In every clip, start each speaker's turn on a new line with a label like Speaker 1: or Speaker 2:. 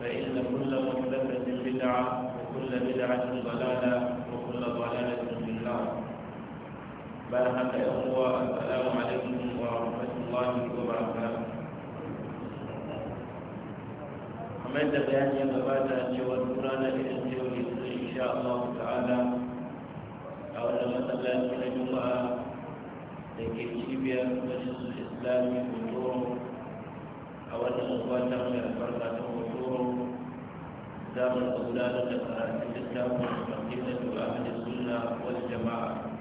Speaker 1: فإن كل مهدفة بدعة وكل بدعة ضلالة وكل ضلالة في النار بل حتى يقوى السلام عليكم ورحمة الله وبركاته ومن تبعني بعد أن يوم القرآن لأنه إن شاء الله تعالى أو لما صلى الله جمعة لكي يجيب يا مجلس الإسلام من دوره أو أن الله تعالى damar gudanar da karatun littafin fahimtar da ahli sunna wal jama'a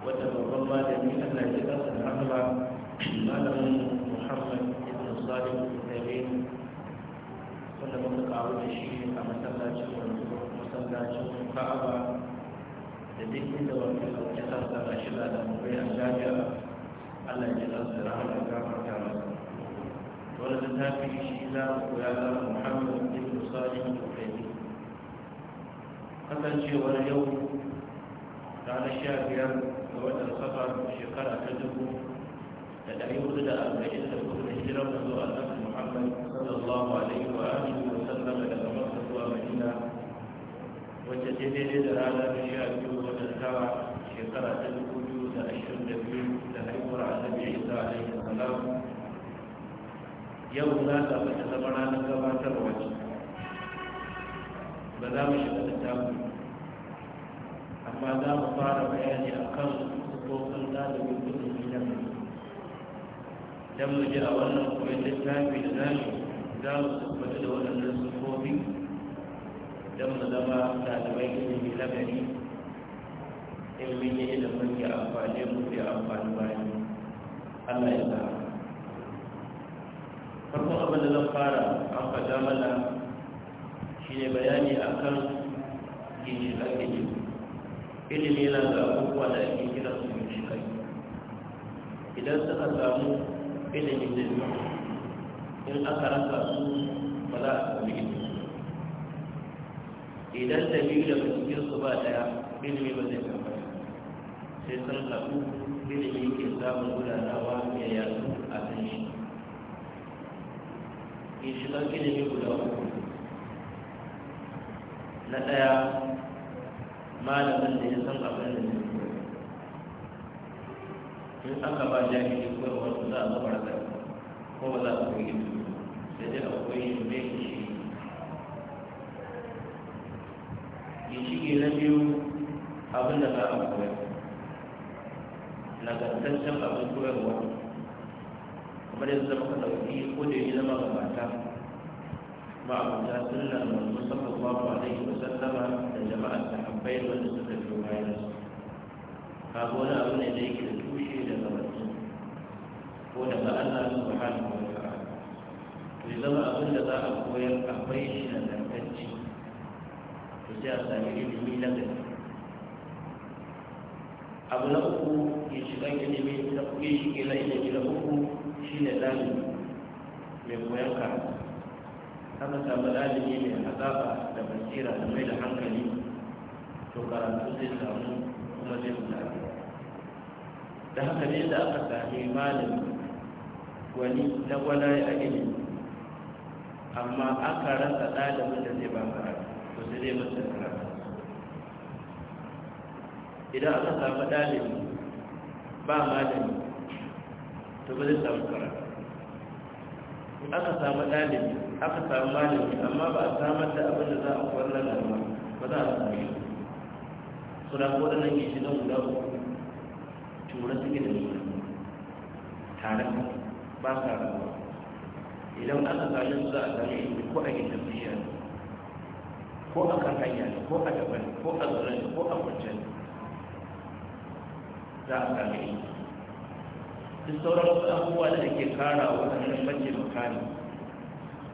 Speaker 1: wata babban malami Allah ya kasa rahama malamin Muhammad ibn Salim Taymin wanda muka kawo da shi a masallacin masallacin Ka'aba da duk inda wani ya sarsa shi ولد النافع الشيخ وعلى محمد بن صالح الحيدي قتل شيء ولا يوم على الشافعي وعلى الخطر شكرا كتبه لدى يوجد أبجد الكفر الهجرة منذ أن محمد صلى الله عليه وآله وسلم إلى مكة ومدينة وتتدل على الشافعي في شكرا كتبه لأشهر النبي لهيبر على النبي عيسى عليه السلام yau za ta bata zama na gabatar wace ba za mu shiga littafin amma za mu fara bayani a kan sufofin ɗalibin kudin gidan don mu ji a wannan koyon littafi da mu za mu tabbata da waɗannan sufofi don mu zama ɗalibai ilimi nagari in mun yi ilimin ya amfani mu ya amfani bayan Allah ya zama farko abin da zan fara an faɗa mana shi ne bayani a kan ginshiƙan ilimi ilimi na ga abubuwa da ake kira su ginshiƙai idan suka samu ilimi da yi in aka rasa su ba za a sami ilimi idan da biyu daga su ba ɗaya ilimi ba zai kama sai sun zaɓu ilimi ke samun gudanawa mai yasu a kan shi ginshiƙan ilimi guda uku na ɗaya malamin da ya san abin da ne in aka ba jami'i wasu za a zama rasa ko ba za a koyi sai dai akwai mai shi ginshiki na biyu abin da za a koyar nagartaccen abin wasu. kamar yanzu muka ɗauki ko da ya zama gabata ma'abuta sunna manzo sallallahu alaihi wa sallama da jama'ar sahabbai wanda suka biyo bayan su kaga wani abu ne da yake da tushe da mutum ko ba Allah subhanahu wani ta'ala to ya zama abin da za a koyar bai shi na zartacci to sai a sami ilimi na gani abu na uku ya shiga ilimi na kuɗi shi ke na ilimi na uku shi ne ɗalibi mai koyon karatu aka samu ɗalibi mai hazaɓa da basira da mai da hankali to karatu zai samu kuma zai mutane da haka ne da aka sami malami wani na gwanaye a ilimi amma aka rasa ɗalibin da zai ba karatu to sai zai mutum karatu idan aka samu ɗalibi ba malami to ba zai samu kara aka samu ɗalibi aka samu malami amma ba a samar da abin da za a kuwar nan da ba ba za a samu yi suna waɗannan yi shiga guda uku cura suke da nuna tare ba sa rawa idan aka sami su za a samu ilimi ko a yi tafiya ko a kan hanya ko a daban ko a zuran ko a kwanciyar za a sami ilimi duk sauran wasu abubuwa da ake kara wa waɗannan mace makani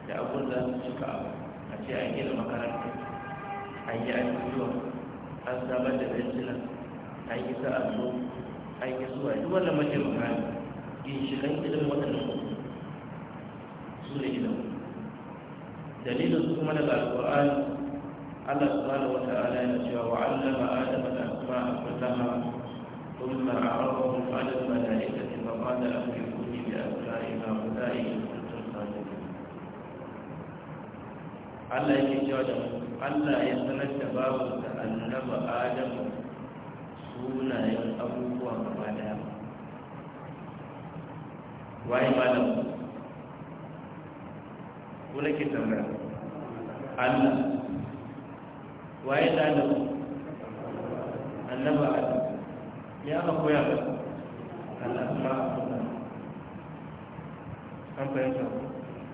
Speaker 1: da abun za su cika a ce an gina makaranta an yi ajujuwa an samar da bencina an yi sa abu an yi zuwa duk wannan mace makani shigan ilimin waɗannan mutum su ne ilimin dalilin su kuma daga alƙur'ani Allah subhanahu wa ta'ala yana cewa wa 'allama adama al-asma'a kullaha thumma 'arafahum 'ala da ita وقال أهلكني بأبناء هؤلاء إن كنتم صادقين Allah yake cewa da Allah ya sanar da babu da annaba Adam sunayen abubuwa gaba daya waye malam ko nake tambaya Allah waye da annaba ya koya ba al'asma an fahimta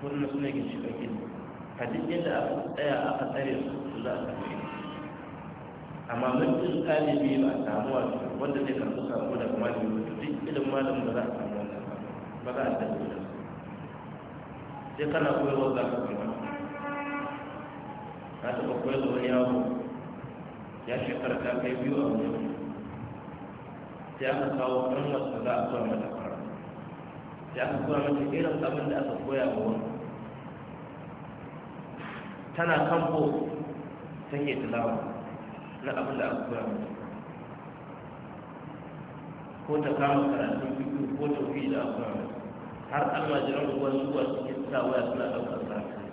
Speaker 1: wannan suna ginshi ɗauke ne a duk yadda aka tsaya aka tsare su za a tafi amma mutum ɗalibi ba a samu wasu wanda zai samu sako daga malami ba duk irin malam ba za a samu wannan ba za a tafi da su sai kana koyarwa za ka koyarwa na taɓa koyarwa wani yawo ya shekara ta kai biyu a wani sai aka kawo ɗan wasu za a zuwa mata fara sai aka zuwa mata irin abin da aka koya ma wani tana kamfo take tilawa na abin da aka koya mata ko ta kama karatun biyu ko fi da aka koya mata har almajiran ruwan zuwa suke sa waya suna ɗaukar zafi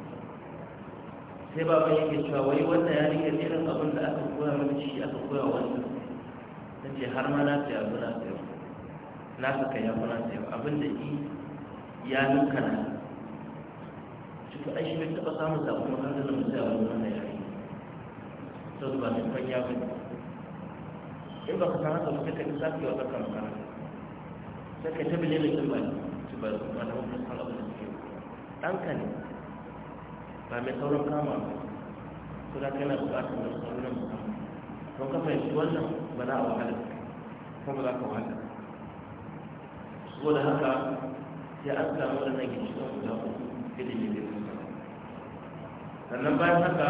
Speaker 1: sai baban yake cewa wai wannan ya rike irin abin da aka koya mata shi aka koya wani na ce har ma na ce abu na sayo na saka ya abu na sayo abin da yi ya nuka na cikin aishi bai taɓa samun sabon hankalin da musayi abin wannan yari so ba kan ya ba in ba ka san haka mutum ka lissafi wa tsakar makaranta sai ka tabi ne da kin ba ci ba su ba da mafi san abu da suke ɗanka ne ba mai sauran kama ba su da na buƙatar wani sauran kama don ka fahimci wannan ba za a wahala kuma za ka wahala da haka sai an samu da wannan ginshiƙa guda uku ilimin da suka sannan bayan haka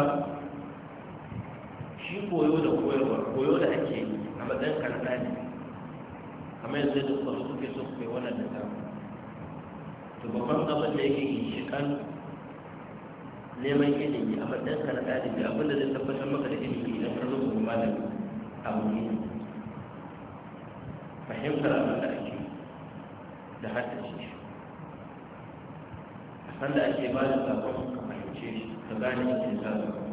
Speaker 1: shi koyo da koyarwa koyo da ake yi a matsayin karnani kamar yanzu da kuma suke so kai wannan da samu to babban abin da yake ginshiƙan neman ilimi a matsayin karnani da abin da zai tabbatar maka da ilimi idan ka zo kuma malami abu ne fahimtar abin da ake da haddace shi a sanda ake ba da sabon ka fahimce shi ka gane ake sabon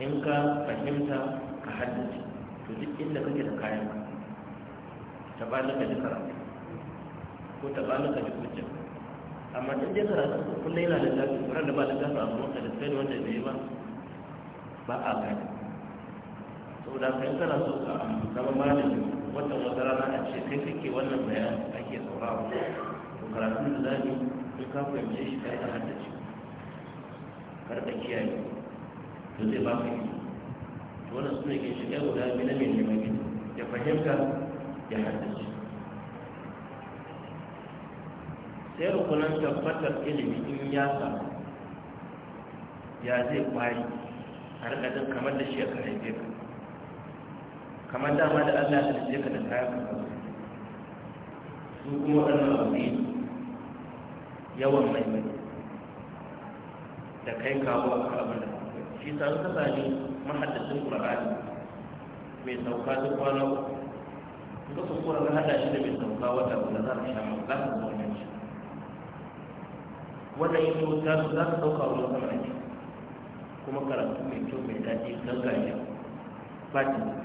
Speaker 1: in ka fahimta ka haddace to duk inda kake da kayan ka ta ba ka ji karatu ko ta ba ka ji hujja amma in dai karatu kullum yana da lafiya ran da ba da gasa a mota da sai wanda bai ba ba a gane saboda kai kana so ka zama malami wata wata rana a ce kai kake wannan bayan ake saurawa to karatun da zamu in ka fahimce shi kai a haddace karɓa kiyaye to zai ba ka yi to wannan suna ke shiga guda biyu na mai neman gidi ya fahimta ya haddace sai rukunan tabbatar ilimi in ya samu ya zai kwari a rikadin kamar da shi ya ka haife ka kamar dama da Allah ta halice ka da kayan ka su kuma waɗannan abu ne yawan mai mai da kai kawo a kan abin da shi sa ka sami mahaddacin ƙur'ani mai sauka duk kwana uku ka kuskura na haɗa shi da mai sauka wata guda za ka shama za ka zaune shi wannan yin kyau ta su za ka sauka wani sama ne kuma karatu mai kyau mai daɗi gajiya ba ta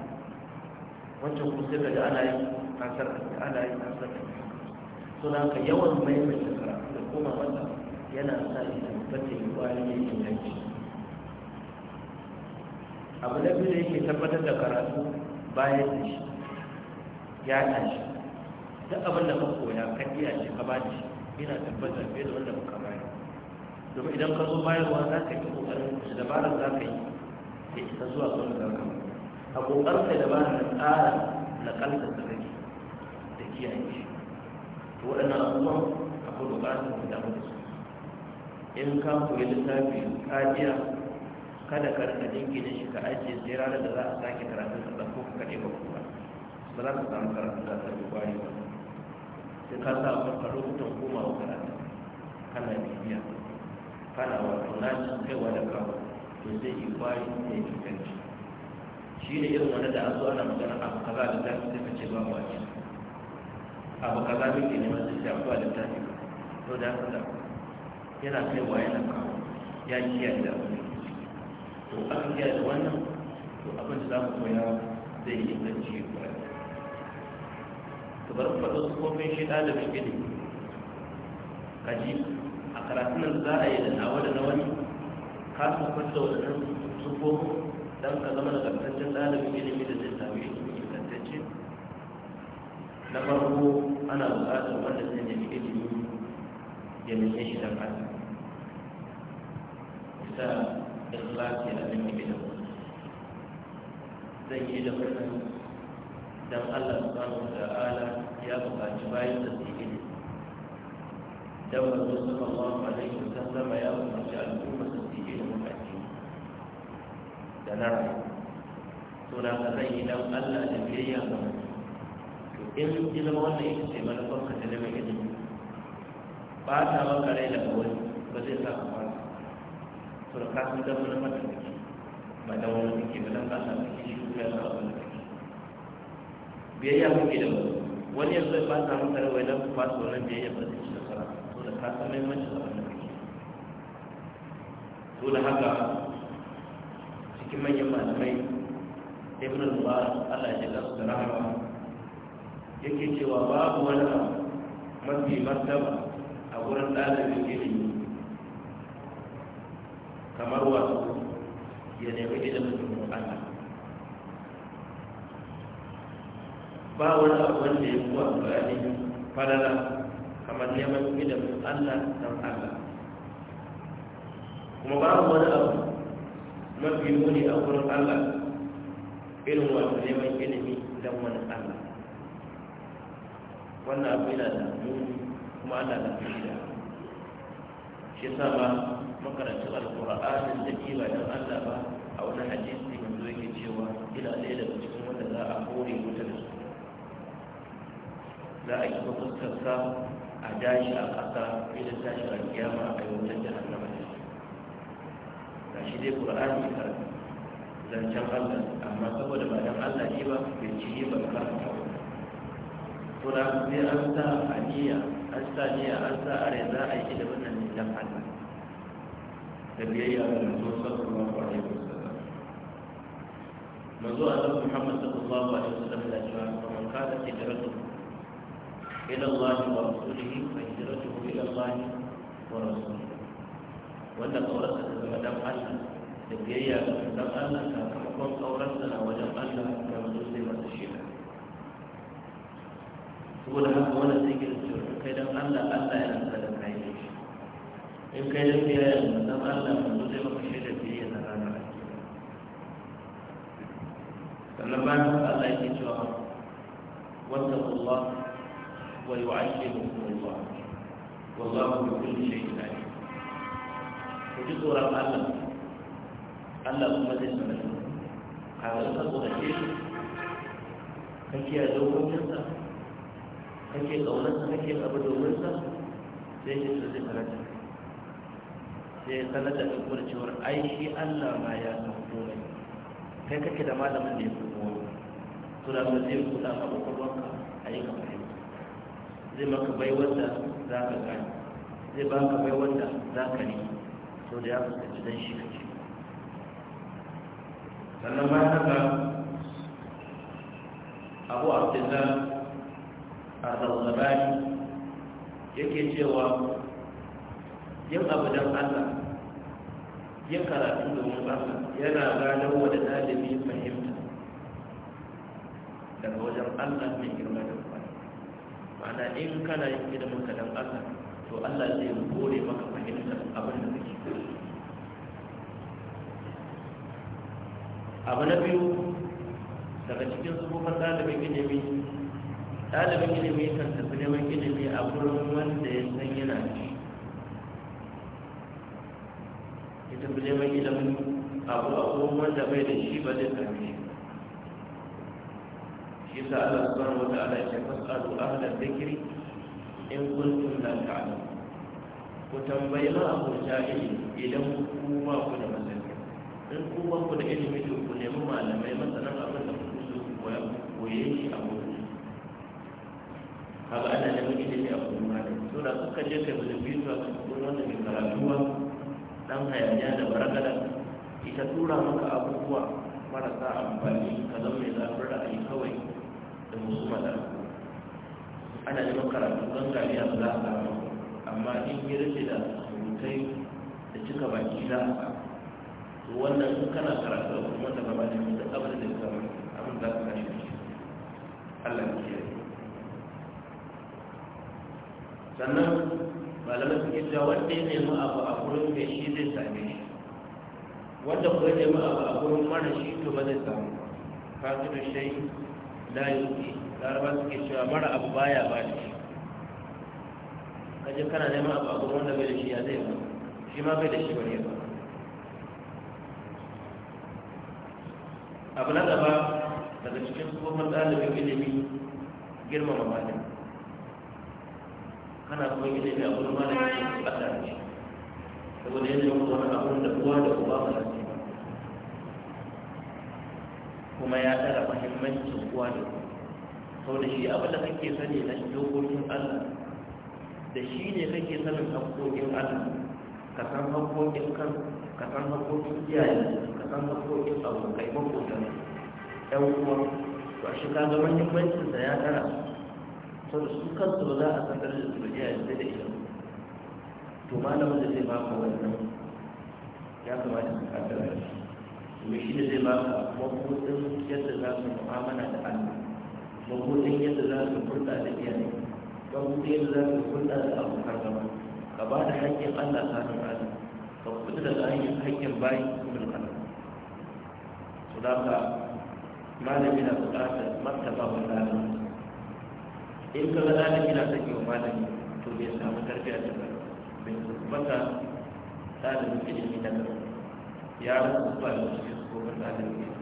Speaker 1: wancan kuma sai daga ana yi an sarrafa ana yi an sarrafa Suna ka haka yawan maimaita karatu da koma masa yana sa shi da tabbata yi kwari ne ke yanki abu na biyu da yake tabbatar da karatu bayan da shi ya tashi duk abin da ka koya ka iya shi ka bani shi yana tabbatar fiye da wanda baka bayar domin idan ka zo bayarwa za ka yi kokarin da dabarar za ka yi da isa zuwa zuwa da za ka a ƙoƙarsa da ba na tsara na ƙalta da kake da kiyaye shi to waɗannan abubuwan akwai buƙatar da damu da su in ka koyi littafi kajiya kada ka rika da shi ka ajiye sai ranar da za a sake karatun ka tsakko ka kaɗe ba kuma ba za ka samu karatun da ta gwari ba sai ka sa rubutun lokutan komawa karatun kana bibiya kana wato nashin kaiwa da kawo to zai yi gwari ya cutar shi ne irin wani da an zo ana magana abu kaza da ta fi ce ba mu wace abu kaza ke neman su ce abuwa da ta fi to da haka da yana wa yana kawo ya kiyar da abin to an kiyar da wannan to abin da za mu koya zai yi inganci ba to bari faɗo faɗo kofin shi ɗalibin gini. kaji a karatun za a yi da nawa da na wani ka san kwanta waɗannan sufofin don ka zama da kantaccen ɗalibin ilimi da zai sami ilimi kantacce na farko ana buƙatar wanda zai nemi ilimi ya nemi shi don Allah bisa ikhlasi a da ilimi zai yi da wannan don Allah subhanahu wa ta'ala ya buƙaci bayan da zai ilimi dan manzo sallallahu alaihi wasallam ya umarci al'umma da na rayu to da ka zan yi dan Allah da biyayya ga to in ji zama wannan yake ce manufar ka ta da mai ilimi ba ta ba kare da wani ba zai sa ka fara to da ka san zama na mata kake ba da wani yake ba dan Allah kake shi ko ya sa abin da kake biyayya muke da wani wani yanzu ba ta tare wai dan ba fasa wannan biyayya ba zai ci fara to da ka san mai abin da kake to da haka cikin manyan malamai ibn al-mubarak Allah ya ji da rahama yake cewa babu wani mafi martaba a wurin ɗalibin ilimi kamar wasu ya nemi ilimin Allah ba wani abu wanda ya kuwa bayani falala kamar neman ilimin Allah don Allah kuma babu wani abu mafi muni a wurin Allah irin wato neman ilimi don wani Allah wannan abu yana da muni kuma ana da fushi shi sa ba makarantun alƙur'anin da ke ba don Allah ba a wani hadisi yanzu yake cewa ina ɗaya daga cikin wanda za a hore wuta da su za a yi fuskarsa a dashi a ƙasa idan tashi a kiyama a yi wutar jahannama shi dai ƙur'ani ka zancen Allah amma saboda ba dan Allah ne ba bai ci ne ba karanta ba to da sai an sa aniya an sa niyya an sa are za a yi da wannan ne dan Allah da biyayya ga manzo sallallahu alaihi wasallam manzo Allah Muhammad sallallahu alaihi wasallam da cewa man kana hijratu ila Allah wa rasulihi fa hijratuhu ila Allah wa rasulihi wanda ƙaurarsa ta zama dan Allah da biyayya dan Allah sakamakon ƙaurarsa na wajen Allah ya mazo sai masa shekara
Speaker 2: saboda haka wanda
Speaker 1: sai ke cewa kai dan Allah Allah ya rasa da kai ne in kai dan biyayya dan Allah mazo sai maka shaida biyayya na ranar sannan bayan Allah yake cewa واتقوا الله ويعلمكم الله والله بكل شيء عليم ku ji tsoron Allah Allah kuma zai sanar da kaga ka tsorace shi kake a dokokinsa kake ƙaunarsa kake abu domin sa sai shi su zai sanar sai sanar da duk wani cewar ai shi Allah ma ya san komai kai kake da malamin da ya fi kowa to da zai buɗa ma kwakwalwarka a yi kamar yau. zai maka bai wanda za ka gani zai baka bai wanda za ka ne so da ya fuskanci dan shi kake sannan ta haka abu abdullah arzabani yake cewa yin abu don allah yin karatu domin allah yana gano wa da ɗalibi fahimta daga wajen allah mai girma da kwanu ma'ana in kana yin ilimin ka don allah to allah zai kore maka fahimtar abin abu na biyu daga cikin tsohon ɗalibin ilimi ɗalibin ilimi kan tafi neman ilimi a wurin wanda ya san yana ci ya tafi neman ilimin abu a wurin wanda bai da shi ba zai sami shi shi sa Allah subhanahu wa ta'ala ya ce fasalu ahlan dhikri in kuntum la ta'lamun ku tambayi ma abota ilimi idan ku ku da masani in kuma ku da ilimi to ku nemi malamai masana abin da kuke so ku koya ku koye shi a gurin haka ana nemi ilimi a gurin malami to da suka je kai mutum biyu zuwa kan gurin wanda ke karatuwa dan hayaniya da barakala ita tura maka abubuwa marasa amfani ka zama mai zafin ra'ayi kawai da musu malami ana neman karatu gangariya ba za a samu amma in yi rufe da rubutai da cika baki za a to wannan kana karatu da kuma da gaba da da abin da ka abin da ka kashe shi Allah ya kiyaye sannan malamai suke cewa wanda ya nemi abu a gurin mai shi zai same shi wanda kuwa nemi abu a gurin mara shi to ba zai samu da shai da yi ba suke cewa mara abu baya ba da shi kaje kana neman abu abu wanda bai da shi ya zai ba shi ma bai da shi bane ba abu na gaba daga cikin tsohon ɗalibin ilimi girmama malin kana kuma ilimi a wurin malami ke buƙata shi saboda yadda wani wani abu da uwa da uba ba za su ba kuma ya tsara mahimmancin uwa da uba sau da shi abin da kake sani na dokokin allah da shi ne kake sanin haƙoƙin Allah ka san haƙoƙin kan ka san haƙoƙin iyaye ka san haƙoƙin abokai maƙotan ɗan uwa to a shiga ga mahimmancin da ya tara to da su kansu ba za a san darajar su da iyaye da ita to malamin da zai baka wannan ya kamata ka kaddara shi domin shi da zai baka mabuɗin yadda za su mu'amala da Allah mabuɗin yadda za su furta da iyaye don kuɗi da za ka hulɗa da abokan gaba, ka ba da haƙƙin allah sanin allah ka kuɗi da haƙƙin haƙƙin bayi da allah su da ka malami na marta ba wa lalata in ka ga ɗalibi na sake wa malami to bai samu tarbiyya ta ba bai mata ɗalibin ilimi na gaba ya rasu ba da cikin tsohon ɗalibin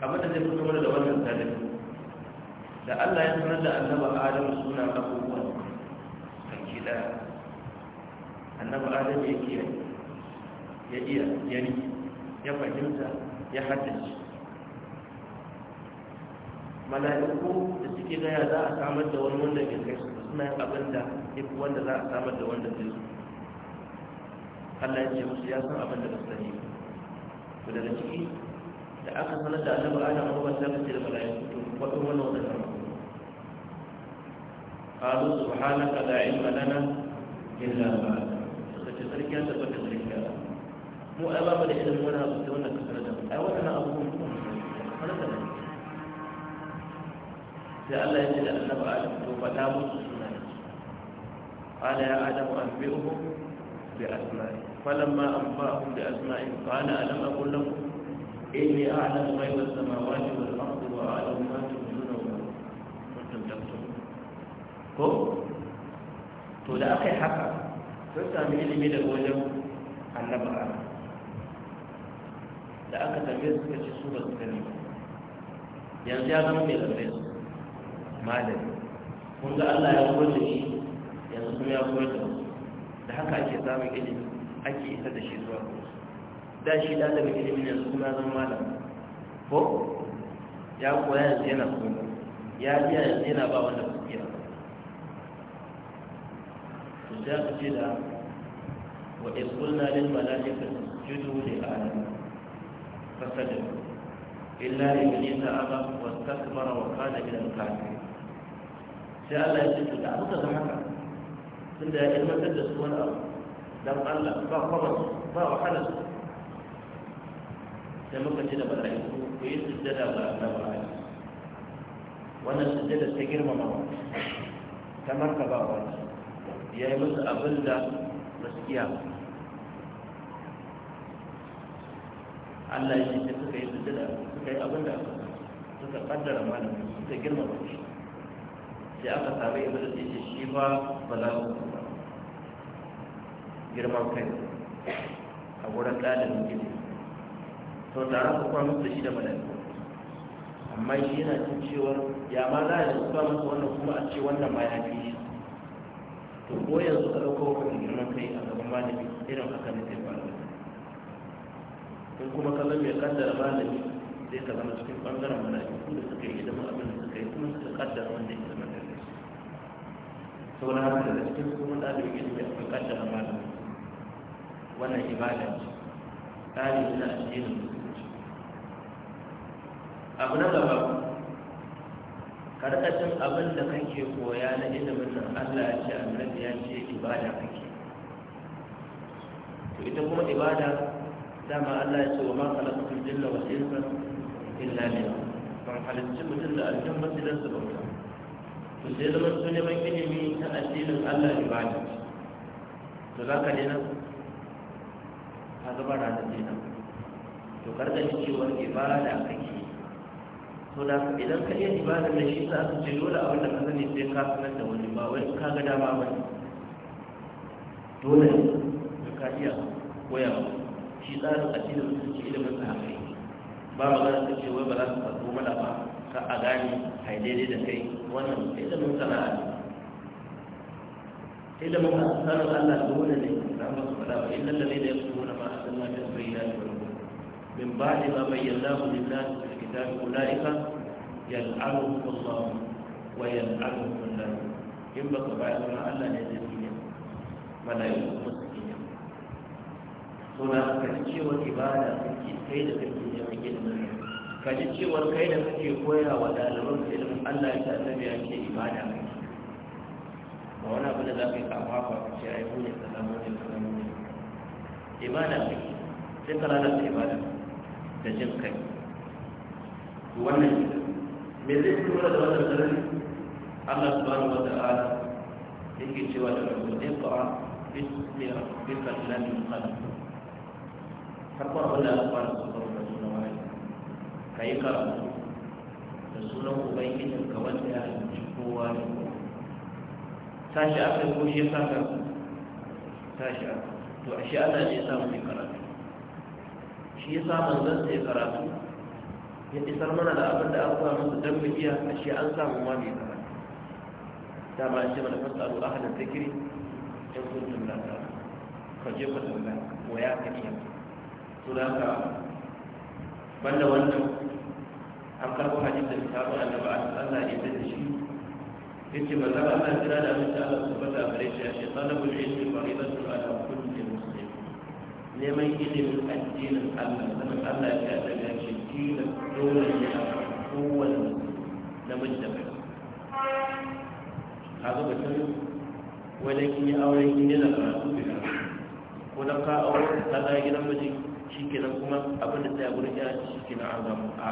Speaker 1: abin da zai fito da wannan talibin da Allah ya sanar da annaba Adam suna abubuwan baki da annaba Adam ya iya ya iya ya ya fahimta ya haddace mala'iku da suke gaya za a samar da wani wanda ke kai su suna yin abin da ya fi wanda za a samar da wanda zai su Allah ya ce musu ya san abin da ba su sani to daga ciki da aka sanar da annabi Adam ba ta ce da mala'iku to waɗannan wannan قالوا سبحانك لا علم لنا إلا ما فتفرك أنت فتفرك مو أمام الإعلم ولا أبتون كفر دم أولا أنا أظن أنا تنمي لأن الله يجد أن نبع أجبته فتابوا قال يا آدم أنبئهم بأسمائهم فلما أنبأهم بأسمائهم قال ألم أقول لكم إني أعلم غير السماوات والأرض وأعلم ما ko to da aka yi haka sun sami ilimi daga wajen annaba da aka tafiya suka ci su ba su gani yanzu ya zama mai lafiya Malam, kun ga allah ya koyar da shi yanzu kuma ya koyar da wasu da haka ake samun ilimi ake isa da shi zuwa kuma da shi daga ilimin yanzu kuma ya zama malam ko ya koya yanzu yana koya ya biya yanzu yana ba wanda za su ce da wa iskulna lil mala'ika judu li adam fasajid illa iblis aba wastakbara wa kana min al-kafirin sai Allah ya ce to da abuka da haka tunda ya ilmantar da su wani abu dan Allah ba kwabar ba wahala su sai muka ce da mala'iku ku yi sujjada ga Allah wannan sujjada ta girmama ta martaba wani ya yi musu abin da gaskiya Allah ya ce suka yi sujjada suka yi abin da aka suka kaddara mana suka girmama shi sai aka sami iblis ya ce shi ba ba za su ba girman kai a wurin ɗalin gini to tare ku kwanu da shi da malayi amma shi yana cin cewar ya ma za a yi su kwanu wannan kuma a ce wannan ma ya fi shi to ko yanzu ka ɗauko ka girman kai a gaban malami irin haka ne zai fara in kuma ka zama ya kaddara malami zai ka zama cikin ɓangaren mala'iku da suka yi hidima abin da suka yi kuma suka kaddara wanda ya zama da su sauran haka da cikin kuma ɗalibin ilimi akwai kaddara malami wannan ibada ce tsari na addinin musulunci abu na gaba ka cin abin da kake koya na ilimin nan Allah ya ce annabi ya ce ibada kake to ita kuma ibada dama Allah ya ce wa ma khalaqatul jinna wal insa illa liya'budun ban halicci mutum da aljin ba su dan su bauta to sai zama su neman ilimi ta addinin Allah ibada to za ka dena ka gaba ranar dena to karka shi cewa ibada kake to da ka idan ka iya ibada mai shi za su ce dole abin da ka sani sai ka sanar da wani ba wai ka ga dama ba dole da ka iya koya shi tsarin su musulunci ilimin sa haka ba magana ta ce wai ba za su fasu mana ba ka a gane kai daidai da kai wannan ilimin sana'a ne إلا من ba, الله da أن يكون ما أصبح إلا الذين يكتبون ما أحسن ما تنبيه من بعد ما بيناه للناس في الكتاب أولئك يلعنهم الله ويلعنهم الله إن بقى بعد ما ألا يزيدين ملائكة مسكين سنة كتشيوة إبادة كيدة كتشيوة كيدة ka ji cewar kai da kake koya wa ɗaliban ilimin Allah ya sa ya ce ibada mai ba wani abu da za salamu ibada mai sai ka da ibada da jin kai wannan me zai fi da wannan sarari Allah subhanahu wa ta'ala yake cewa da mutum iqra bismi rabbika alladhi khalaq farko abin da Allah subhanahu wa ta'ala ya nuna wa kai ka da sunan ubangijin ka wanda ya halicci kowa ne tashi aka ko shi ya saka tashi aka to ashe Allah ne ya sa mu shi yasa zan sai karatu ya isar mana da abin da aka musu dan mu iya a shi an samu ma mai karatu da ba shi mana a ahalan zikri in kuntum la ta'lamun ka je ka tambaya wa ya ka iya to da ka banda wannan an karbo hadisi da sabu annabi Allah ya yarda da shi yace manzon Allah jira da mutum Allah subhanahu wa shi ya ce talabul ilmi faridatun ala kulli neman ilimin addinin Allah sanin Allah ya daga shi dina dole ne a kowane namiji da bai A zuba mutum wani kin yi auren da ba karatu bi ko na ka auren ta da gina miji shi kenan kuma abin da tsaya ya yana shi kenan an zama a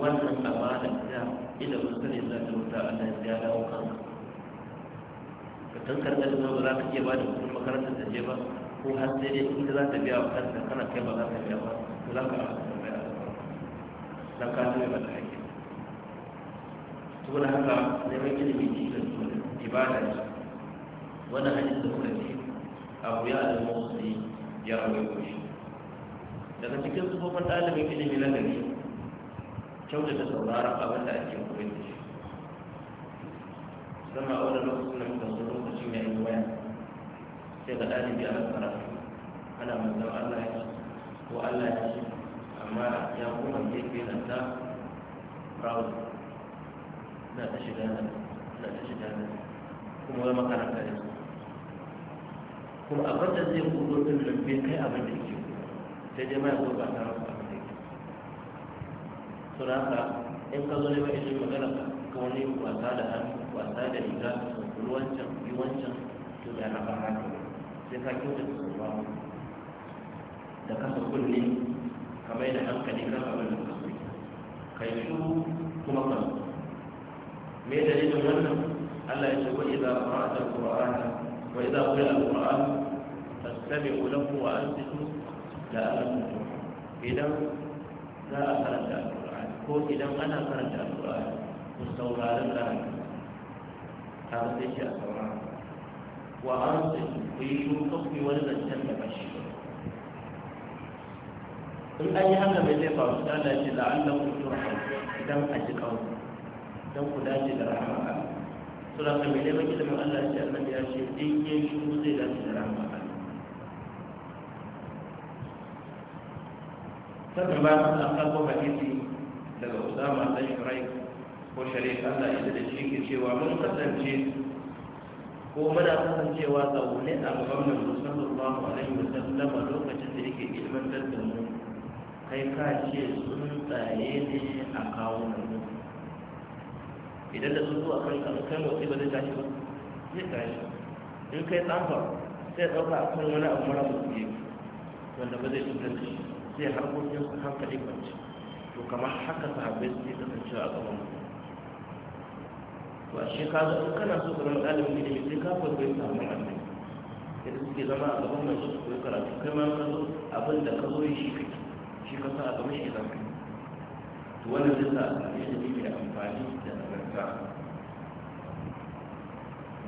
Speaker 1: wannan amana ta wasu sani za ta wuta Allah ya dawo kanka ka tankar da zuwa ba za ka iya ba da kuma makarantar da je ba ko har sai dai inda za ta biya wa kanta kana kai ba za ta biya ba to za ka ba ta biya za ka biya ba ta haƙƙi to da haka neman ilimi jikin da su ibada ne wannan hanyar da kuma ce abu ya da musulmi ya rawaito shi daga cikin tsofaffin ɗalibin ilimi na gari da sauraron abin da ake koyar da shi zama a wani lokacin da muka so lokacin ya yi waya sai ga ɗalibi a nasara ana manzan allah ya ko allah ya ce amma ya kuma gefe na ta rawar na ta shiga nan na ta shiga nan kuma wai makaranta ne kuma abin da zai kudo ɗin nan kai abin da ke sai dai mai gurba ta rasu abin da ke so da haka in ka zo ne mai ilimin magana ka kawai wasa da hannu wasa da riga ruwancan yi wancan to da ya haɓa haka sai ka kyauta da tsofa ba da kasa kulle ka yadda da hankali kan abin da ka soke yi su kuma kan me dalilin wannan Allah ya ce wa iza qara'ta al wa iza kuri al-qur'an fastami'u lahu wa ansitu da turhamun idan za a karanta al-qur'ani ko idan ana karanta al-qur'ani ku saurarin karanta Ta sai shi a saurara وأنصت ويشوف تخفي ولد الجنة بشير in an yi haka mai zai faru da Allah ce la'allan ku turhan idan a ji kawo don ku dace da rahama Allah sura ta mai neman ilimin Allah ce Allah ya ce in yi shuru zai dace da rahama Allah sannan ba a kalbo hadisi daga Usama dan Shuraik ko Sharif Allah ya da shi ke cewa mun kasance ko muna kasancewa ne a gaban manzo a alaihi wa sallama lokacin da yake ilmantar da mu kai ka ce sun tsaye ne a kawo mu idan da sun zuwa kan kan kai motsi ba zai tashi ba zai tashi in kai tsafa, sai ɗauka a kan wani abu mara suke. wanda ba zai cutar da shi sai harkokin hankali kwanci to kamar haka su ne kasancewa a gaban mu ba shi ka zo kana so ka zama ɗalibin ilimi sai ka kwaikwayi samun wannan? ya da suke zama a gaban mai su koyi karatu kai ma ka zo abin da ka zo yi shi kake shi ka sa a gaban shi zan kai to wannan zai sa a ilimi mai amfani da nagarta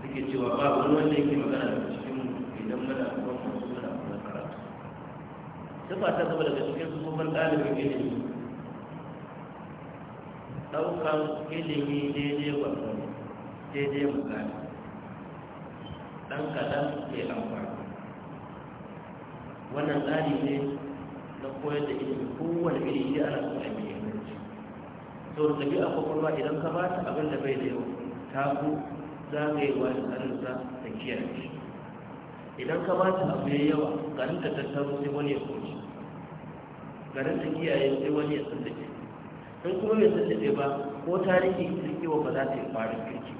Speaker 1: suke cewa ba wani wanda yake magana da cikin idan muna kuma masu muna da karatu ba ta gaba daga cikin sufofin ɗalibin ilimi ɗaukar ilimi daidai gwargwaro daidai misali ɗan kaɗan ke amfani wannan tsari ne na koyar da ilimin kowane iri ya ana so a yi inganci sau da tafi a kwakwalwa idan ka ba ta abin da bai da yau ta ku wa da tsarinsa da kiyaye idan ka ba ta abu ya yawa garin ta tattaro sai wani ya koci garin ta kiyaye sai wani ya tsallake in kuma bai tsallake ba ko tarihi kirkiwa ba za ta yi farin kirki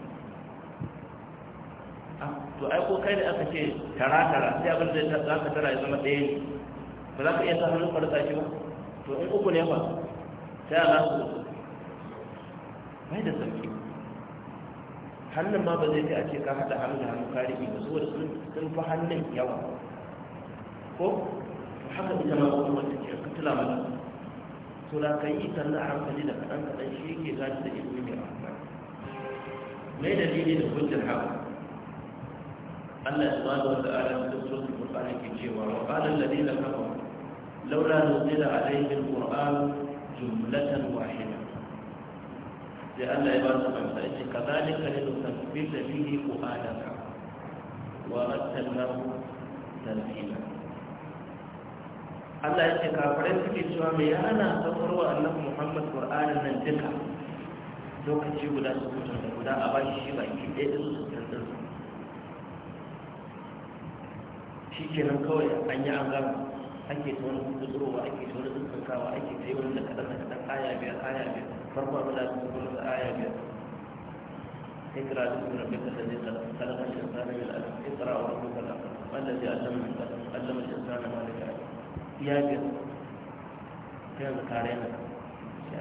Speaker 1: to ai ko kai da aka ce tara tara sai abin da za ka tara ya zama ɗaya ne ba za ka iya sa hannun farka shi ba to in uku ne ba sai a su mai da sarki hannun ma ba zai ce a ce ka haɗa hannun da hannu kare ba saboda sun fi hannun yawa ko haka ita ma wani wanda ke ka tula mana to da ka yi sannan a hankali da kaɗan kaɗan shi ke gashi da ilimin mai rahama mai dalili da hujjar haka Allah ya subhanahu wa ta'ala da suratul Qur'an ke cewa wa qala alladheena kafaru laula nuzila alayhi alquran jumlatan wahida sai Allah ya ba su ne yace kadhalika linusabbita bihi qur'anaka wa rattalnahu tartila Allah ya ce kafirai suke cewa mai hana saukarwa annabi Muhammad Qur'anin nan duka lokaci guda su mutum da guda a bashi shi baki ɗaya da su shi kenan kawai an yi an gama ake ta wani zuwa ake ta wani tsakawa ake ta yi wani da da kadan aya biyar aya biyar farko abu da su kuma da aya biyar da da اقرأ باسم ربك الذي خلق الإنسان wa الألف اقرأ وربك الأكرم والذي علم القلم علم الإنسان ما لم يعلم يا بير كان كارينا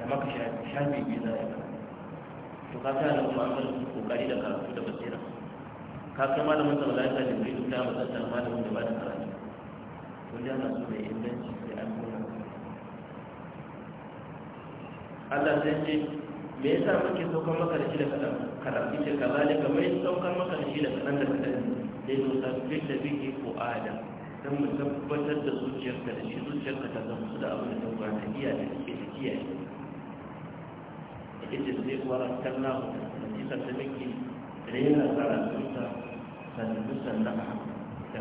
Speaker 1: maka shafi biyu za a yi to ka sa da kuma an kokari da karatu da basira ka kai malamin da malaika da bai duka a matsayin malamin da ba da karatu wanda ana so da inganci sai an kula Allah zai ce me yasa muke saukar maka da shi da kadan kadan ce kazalika mai saukar maka da shi da kadan da kadan dai mu sabbi da biki ko adam dan mu tabbatar da zuciyarka da shi zuciyarka ta zama su da abu da ta da iya da take da kiyaye ita ce sai kuma rantar na mu ji sabbi biki rena karatun ta sanadu sannan da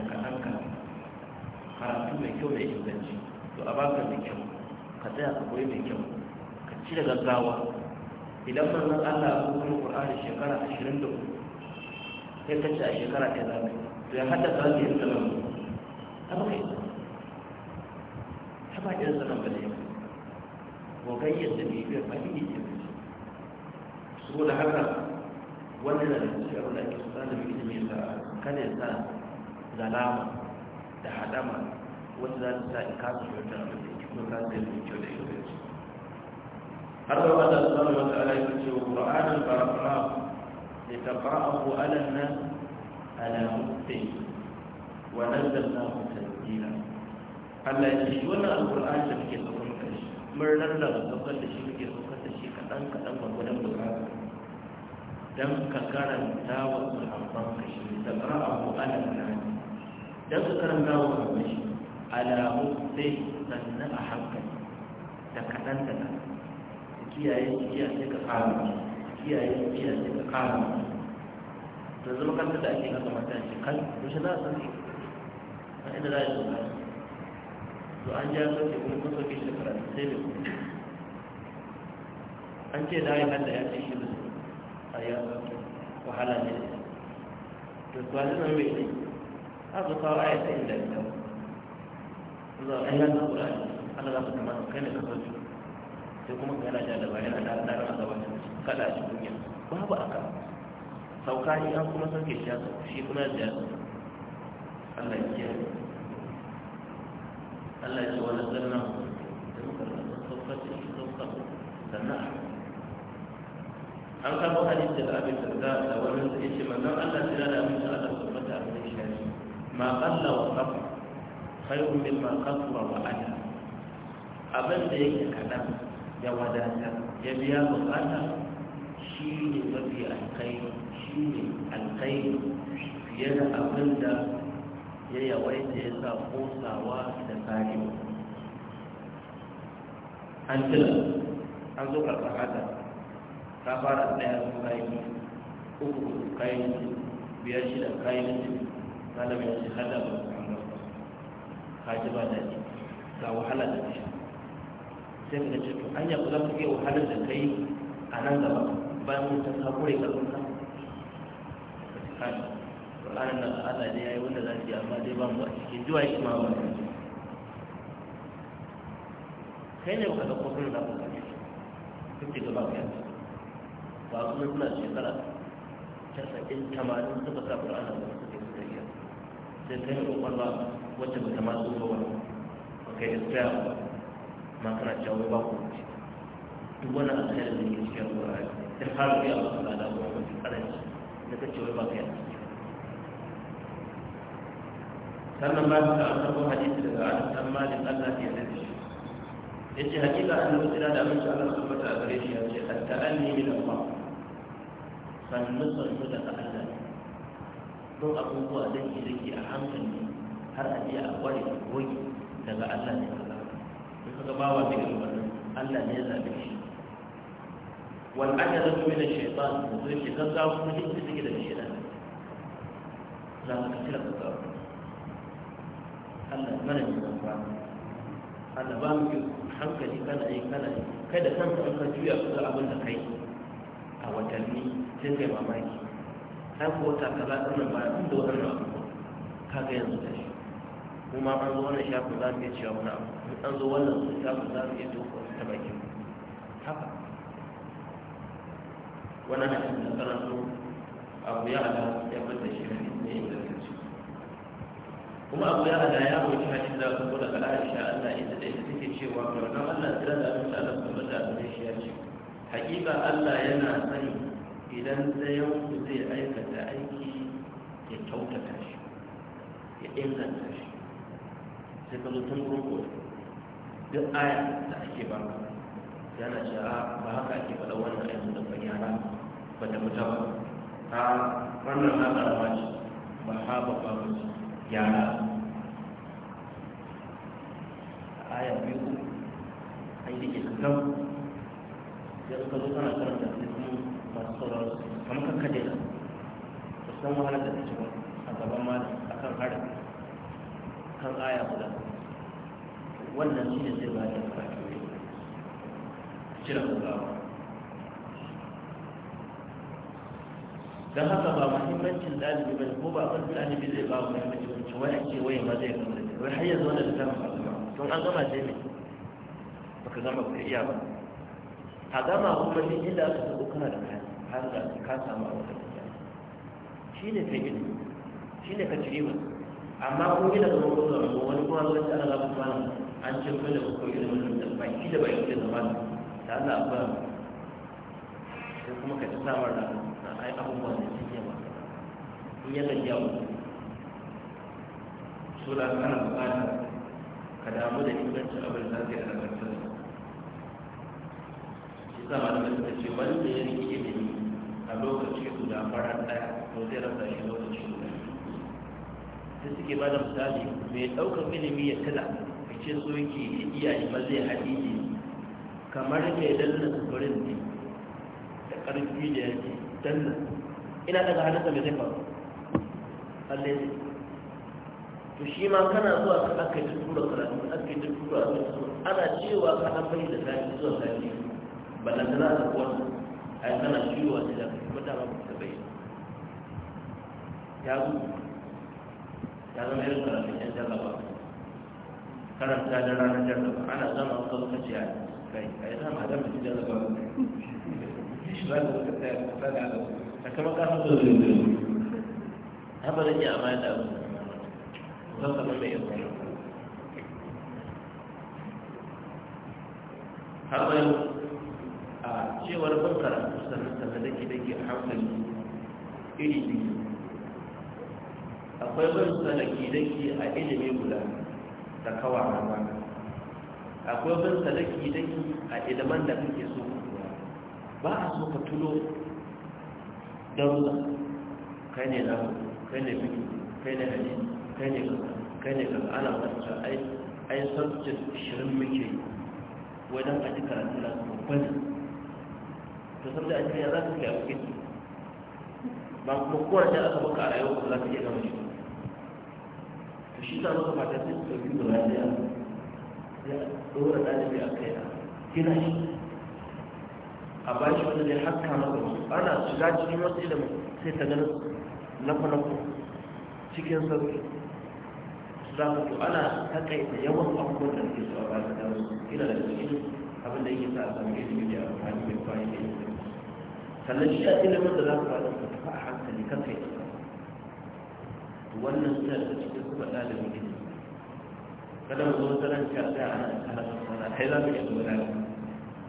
Speaker 1: kaɗan ka karatu mai kyau da inganci to a baka mai kyau ka tsaya ka koyi mai kyau ka ci da gaggawa idan manzon Allah ko kuma Qur'ani shekara 23 sai ka ci a shekara ta zabe to ya hada ka yi da nan haka kai haka irin ba ne ko kai ya tafi bai fadi ne saboda haka wannan da shi abin da ake so ɗalibin ilimi ka kada ya sa zalama da hadama wanda za ta sa in kasa fahimtar abin da yake kuma kasa yin mai kyau da inganci har da wata sanar wata ala yake ce wa ƙur'anin farafa da ta fa'ahu alan nan alamun sai wa nan da na mutanzila Allah ya ce wannan alƙur'ani da muke saukar da shi murnar da saukar da shi muke saukar da shi kaɗan kaɗan ba gudan ba don ka karanta wa sahabban ka shi da fara'ahu ala nani don su karanta wa sahabban shi alamu sai sannan a hankali da kaɗan da nan Ka kiyaye su kiyaye sai ka Ka kiyaye su kiyaye sai ka kara to zama kanta da ake kasa mata shi kan yaushe za a san shi a inda za a yi to an ja sauke kuma kun sauke shi da karatu sai da kuma an ce da ya hada ya ce shi da su ayɔ wahala ne to tuwanin nan mai ne a su kawo a yasa inda ya kawo zuwa an yi zan kura ne ana za ne ka so su sai kuma ka yana ja da bayan a daren daren a gaban kada shi kunya babu aka sauka ne an kuma sauke shi shi kuma da ya Allah ya kiyaye Allah ya ce wa nazzalna da muka sauka ce sauka an kama hadisi da abin da da wani da yace manzon Allah ya da mun Allah subhanahu wa ta'ala shari ma qalla wa qafa khayrun mimma kathura wa ada abin da yake kadan ya wadata ya biya bukata shi ne mafi alkai shi ne alkai fiye da abin da ya yawaita ya sa kosawa da karewa an jira an zo karɓar haka ka fara tsaya su kayi uku kayan biyar shida kayan jiki malamin ya ce hada ba ka ji ba daɗi ga wahala da ta sai ka ce to an yaku za ku iya wahalar da ka yi a nan gaba bayan mutum ka kure ka zuka ka ci kashi ƙwararren nan ala ne ya yi wanda za su yi amma dai ba mu a cikin zuwa shi ma ba kai ne ba ka ɗauko sun da ku ka ce ka ce gaba ka yi ba su suna shekara casa'in tamanin suka sa ƙur'ana da suka yi suka iya. sai ta yi ƙwaƙwalwa wacce ba ta masu zuwa ba kai iska ma kana jawo ba ku ce duk wani alkhairin da ke cikin ƙur'ani ta fara biya ba su lada ba wani ƙaranci da ka ta wai ba yi. sannan ba su ta'an sabon hadisi daga an san malin allah ya zai ya ce hakika an nufira da amince allah sun fata a gare shi ya ce ta'anni min allah sannu sannu da Allah ko abubuwa dake dake a hankali har a iya a ware goyi daga Allah ne kaza in kaga bawa bai ga wannan Allah ne ya zaɓe shi Wani wal ajazatu ba su shaytan to shi kaza ku ne da da daga da za ka kira kaza Allah mana ne ba. Allah ba mu hankali kana yi kana yi da kanka an ka juya kusa abin da kai a watanni sai kai mamaki ta ko wata kaza ɗin nan ba ɗin da wannan abu ka yanzu da shi kuma an zo wannan shafin za mu iya cewa wani abu in an zo wannan shafin za mu iya doka ta bakin haka Wani hadisin da karanto abu ya ala ya bada shi hadisin ne ingantacce kuma abu ya ala ya roci hadisi da kuma daga aisha allah ita da ita take cewa kawai allah tsira da abin da allah kuma da abin da shi ya ce hakika allah yana sani idan ɗayan ku zai aikata aiki ya kyautata shi ya inganta shi sai ka zo tun gurgu duk aya da ake ba yana a ah, ba haka ake faɗa wannan aiki da bayyana ba ta mutu ba ha ah, wannan na ƙarama ce ba ha ba ba ba ce aya biyu an yi ke kan sai ka zo kana karanta sai kuma masu sauraro kamar kan kaje da su san wahalar da take ba a gaban ma a kan hada kan aya guda wannan shi ne zai ba da baki cire gaggawa don haka ba muhimmancin ɗalibi ba ko ba abin ɗalibi zai ba wa muhimmanci ce wai ake waye ma zai gama da wai har yanzu wanda littafin ba gama an gama sai ne baka gama ka iya ba a gama kuma duk inda aka taɓo kana da kayan har da ka samu a da tafiya shi ne ta ne, shi ne ka cire mu amma kun gina da wani zuwa ko wani kuma zuwa ta Allah kuma an ce kuma da kuma irin wannan da ba shi da ba shi da zama da ala ba sai kuma ka ci samar da ai abubuwan da suke ba in ya gajiya mu sura kana bukata ka damu da ingancin abin da zai alaƙar da shi sama da wanda ce wanda ya rike ilimi Sai rasa shi da misali mai ɗaukar ilimi ya tada a ce so yake ya iya yi mazai hadisi kamar mai danna sufurin ne da ƙarfi da yake danna ina daga hannunsa mai zai faru allai ne to shi ma kana zuwa ka aka yi tura karatu aka yi tura su ana cewa ka an da zafi zuwa zafi ba na tana da kowanne a yi kana ciwo a cikin mutane ba ta bayyana ya zo ya zama irin karatun yan jarraba karanta da ranar jarraba ana zama wasu a kai a yi zama da mutum jarraba shi ba da suka tsaya kusa da da a kama kasa da zai zai haɓar da ke a bayan da abu da kama mai yin wani haɓar da cewar ban karatu sannan sannan da ke da ke hankali iri biyu akwai binsa da kidaki a ilimi guda da kawa na akwai binsa da kidaki a ilimin da kake so ba a so ka tulo darussa kai ne na kai ne biki kai ne hali kai ne kasa kai ne kasa ana wata ai ai sabcin shirin muke wajen a ji karatu na babban to sabda a cikin ya za kai a wakil ba kuma kowace aka baka a rayuwa ba za ka iya gama shi shi ta maka mata ta su ɗauki da lafiya ya ɗora ne a kai na gina shi a ba shi wanda ne haska na wasu ana shiga cikin wasu ilimin sai ta ganin na lafa cikin sauki za ka to ana takaita yawan abubuwan da ke so a bayan da wasu ina da cikin abin da yake sa a samu ilimi da amfani mai kwaye da sannan shi a ilimin da za ka faɗa ka a hankali kan kai wannan suna da cikin kuma ɗalibin ne kada mu zo tsaron ka ta ana kana kana kai za mu yi magana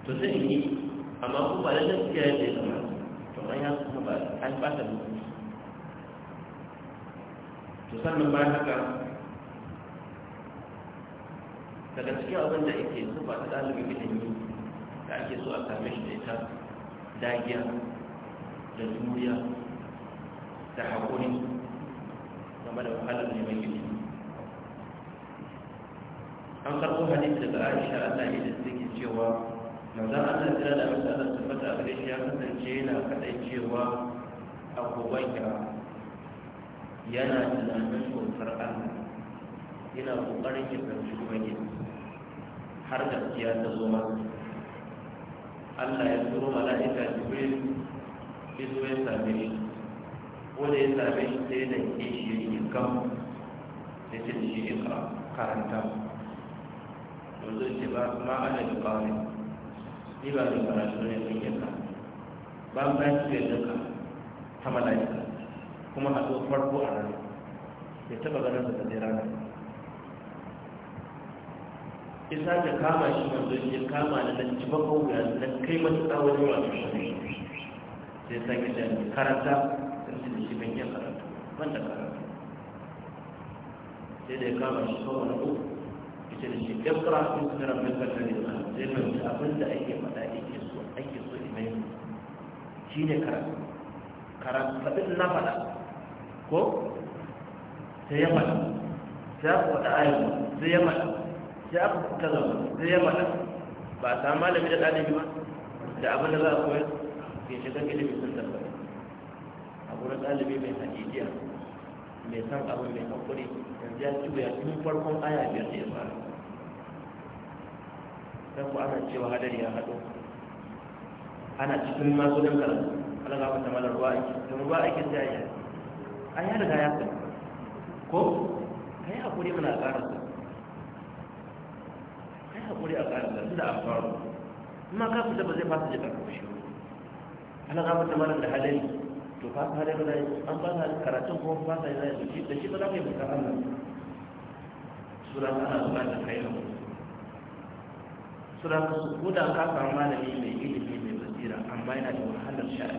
Speaker 1: to sai in yi amma ko ba da gaskiya yadda ya kamata to an ya kuma ba an ta lokaci to sannan bayan haka daga cikin abin da ake so ba ta gidan ilimi da ake so a same shi da ita dagiya da juriya da haƙuri game da wahalar neman ilimi an karɓo hadisi daga aisha allah ya da suke cewa maza allah jira da amsa allah tabbata a gare shi ya kasance yana kaɗai cewa abubuwan kogon kira yana tunanin bautar allah yana ƙoƙarin ya fahimci ubangiji har gaskiya ta zo masa allah ya turo mala'ika jibril iso ya same shi ko da ya same shi sai da ke shi ya gama ya ce da shi ikra karanta zai ce ba ma ana da kawai ni ba da karatu ne sun yi ka ba ba shi da duka ta mala'ika kuma a zo farko a rana bai taba ganin da zai rana isa ta kama shi manzo ce kama da nan ci bakon ga nan kai matuƙa wani wasu shi sai sake da karanta sun ci da shi ban karanta. karatu ban da karatu sai da ya kama shi na uku ita da shi sun da ba zai mai abin da ake faɗa ake so ake so shi ne karatu karatu faɗin na faɗa ko sai ya faɗa sai aka faɗa sai ya faɗa sai aka zama sai ya faɗa ba a samu malami da ɗalibi ba da abin da za a koyar ke shiga ilimin sun tabbata a wurin ɗalibi mai hajjijiya mai san abin mai haƙuri ya juya tun farkon aya biyar da ya fara dan ku ana cewa hadari ya haɗo ana cikin masu dan karatu ana ga mata malar ruwa aiki domin ruwa ake ta ya an ya riga ya san ko kai hakuri muna ƙara sa kai hakuri a ƙara su da amfaro amma ka fita ba zai fasa jikar koshi ana ga mata malar da halari to fasa halari ba an fasa karatun kuma fasa yana da shi ba za ka yi mutan Allah sura ana bukatar kai da sura ka su koda ka samu malami mai ilimi mai basira amma yana da wahalar sha'ani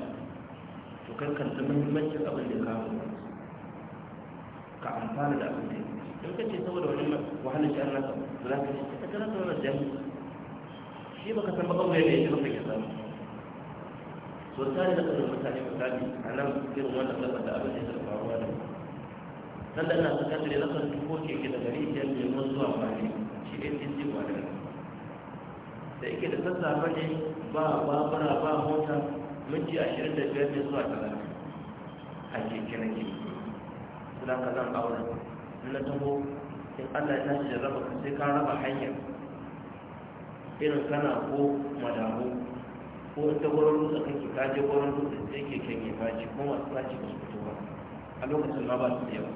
Speaker 1: to kan da muhimmancin abin da ka faru ka amfana da abin da ya in ka ce saboda wani wahalar sha'ani na to za ka ce ta tara sanar da yanzu shi baka san ba kawai ne shi baka ke samu sosai tare da kanin mutane misali a nan irin wannan zaba da abin da ya faruwa da mu nan da ina sakandare na kan tuko keke da gari biyar lemo zuwa bane shi ne sun ji gwanar da yake da sassafe ne ba babura ba mota minti ashirin da biyar ne zuwa talata a keke na ke suna ka zan aure na taho in allah ya tashi da raba ka sai ka raba hanyar irin kana ko madamu ko ta wurin dutse kake je wurin dutse sai keken ya faci ko masu faci ba su fito ba a lokacin ma ba su da yawa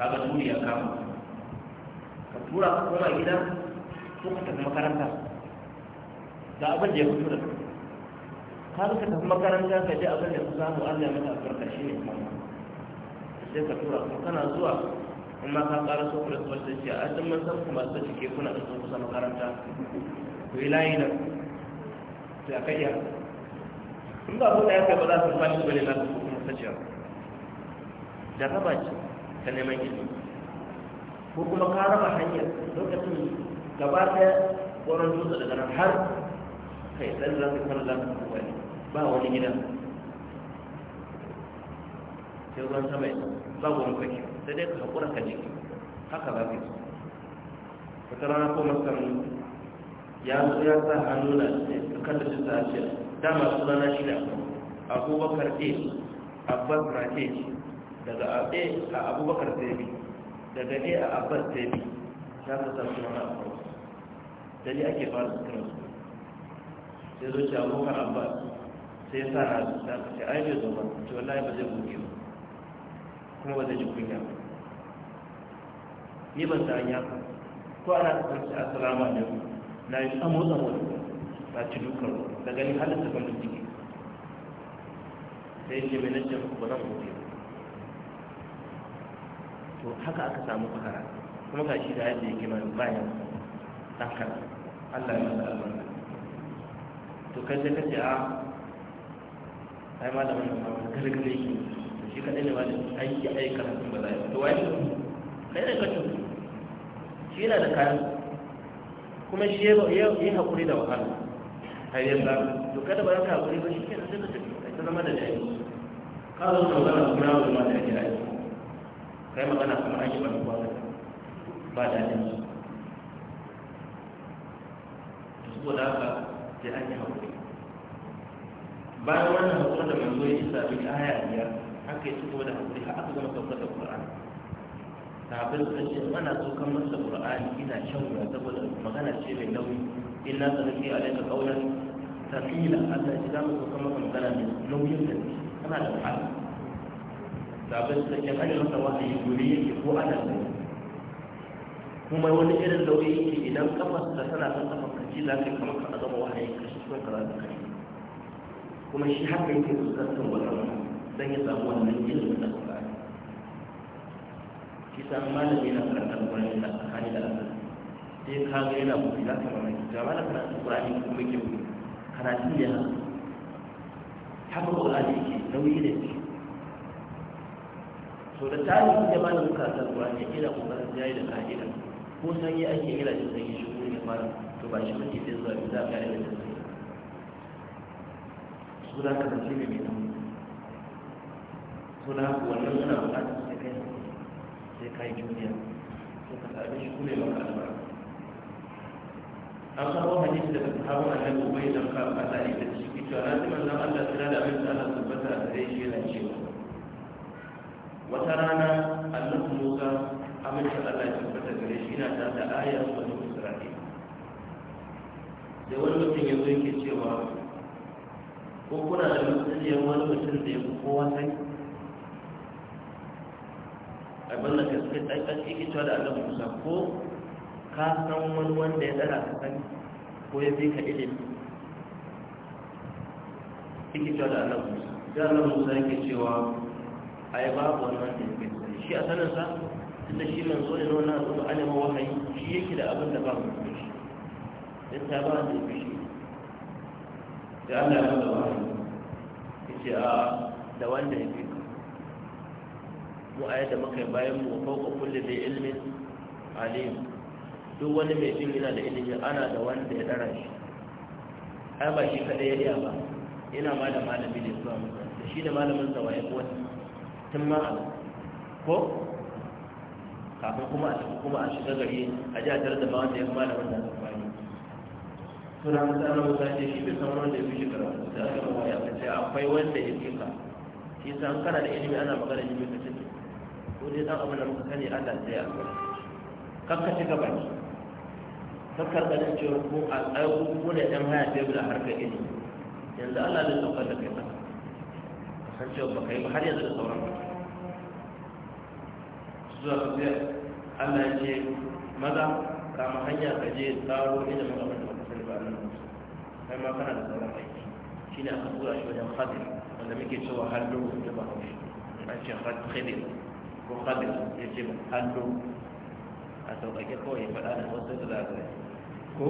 Speaker 1: kaga turi ya kama ka tura ka koma gida ko ka tafi makaranta ga abin da ya fito da ka. ka tafi makaranta ka ji abin da ka samu an ya maka albarka shi ne kuma sai ka tura kuma kana zuwa in ma ka ƙara so kuma da wasu ce a duk mun san kuma su cike kuna da kusa makaranta ku yi layi nan Ya kai ya in ba ku da ya ba za su fashi bane na su kuma Da jarraba ce ta neman ilimi ko kuma ka raba hanyar lokacin gaba ta wurin dutse daga nan har kai ɗan za ka kalla wani ba wani gidan sai ruwan sama ya ba wani kwaki sai dai ka haƙura ka jiki haka ba ka yi wata rana ko masan ya zo ya sa hannu na kan da shi ta ce dama sunana shi da abubakar ke abbas rake daga abe a abubakar tebi daga ne a abbas tebi Ta ka samu wani abu da ne ake fara sutura su sai zo ce abubakar abbas sai sa na su ta kace ai ne zo ba to ba zai buge ba kuma ba zai ji kunya ba ni ban san ya ko ana kasance assalamu alaikum na yi tsamo tsamo ta ci dukkan daga ni halatta ban da jiki sai ce mai nace ba zan buge ba to haka aka samu fakara kuma ga shi da yadda yake mai bayan ɗankara allah ya masa albarka to kai sai kace a ai da mun ma gargaɗe shi to shi kaɗai ne ba da aiki ai karatun ba za to wai kai ne kace shi yana da kayan kuma shi ya ya hakuri da wahala kai ya ba to kada ba ka haƙuri ba shi ke da sai ka tafi ai ta zama da dai kawo da wannan kuma na ma da ya kai magana kuma an manufa da ba daɗin su da saboda haka sai an yi haƙuri bayan wannan haƙuri da manzo ya isa bin aya biyar haka ya cigaba da haƙuri har aka gama saukar da ƙur'ani sahabbai suka ce mana saukan masa ƙur'ani ina shan wuya saboda magana ce mai nauyi in na sanarki a daga ƙaunar tafila Allah ya ci za mu saukan masa magana mai nauyin da ana da wahala sabon da ke hanyar masa wahayi guri yake ko ana zai kuma wani irin nauyi yake idan kafar ta tana son kafar kaci za ka yi kamar ka zama wahayi kashi kuma ka za ka kuma shi haka yake fuskantar wannan don ya samu wannan ilimin da kuma shi sa malami yana karanta alƙur'ani na tsakani da Allah sai ka ga yana buɗe za ka mamaki jama'a da karanta alƙur'ani kuma yake buɗe karatu ya haka haka ƙur'ani yake nauyi da shi to da tarihi da malam muka sarwa ya kira kokarin jayi da ka'ida ko san yi ake kira da sanyi shi ne ya fara to ba shi mutum sai zuwa za ka yi da shi suna ka zance mai mutum nan suna wannan suna bukatar sai kai sai kai juniya to ka sami shi kuma ya maka albarka an kawo hadisi daga sahabban annabi bai dan ka Allah ya tace shi cewa na ji manzon Allah sallallahu alaihi wasallam tabbata da shi yana cewa wata rana Allah Musa amince Allah ya tabbata gare shi na ta da ayar wani Isra'ila da wani mutum yanzu yake cewa ko kuna da matsaliyar wani mutum da ya fi kowa sai abin da kai suka tsaki yake cewa da Allah Musa ko ka san wani wanda ya tsara ka sani ko ya fi ka ilimi yake cewa da Allah Musa da Allah Musa yake cewa A ai babu wannan da yake shi a sanin sa tunda shi manzo ne wannan abu da alama wahayi shi yake da abin da ba mu da shi dan ta ba da shi da Allah ya ba wahayi yace a da wanda ya yake mu a yadda muka bayan mu fauka kulle bi ilimin alim duk wani mai jin yana da ilimi ana da wanda ya dara shi ai ba shi kaɗai ya iya ba yana ma da malami da zuwa mutane da shi da malamin sa waye wani tun ma a ko kafin kuma a shiga kuma a shiga gari a ji a tare da ma wanda ya kuma da wannan yi suna matsalar wata ce shi da san wanda ya fi shiga da aka kuma ya kace akwai wanda ya fika ka shi sa kana da ilimi ana magana ilimi ka ce ko dai dan abin da muka sani Allah sai ya albarka kakka ci gaba ne kakkar ganin cewa ko a tsayo ko da ɗan haya tebur a harkar ilimi yanzu Allah zai sauka da kai san cewa baka yi ba har yanzu da sauran zuwa ka biya Allah ya ce maza kama hanya ka je tsaro ne da magabata ba kasar ba nan kai ma kana da sauran aiki shi ne aka tura shi wajen hadir wanda muke cewa hallo da ba haushi an ce hadir ko hadir ya ce ba hallo a sauƙaƙe kawai ya faɗa da wasu da zagaya ko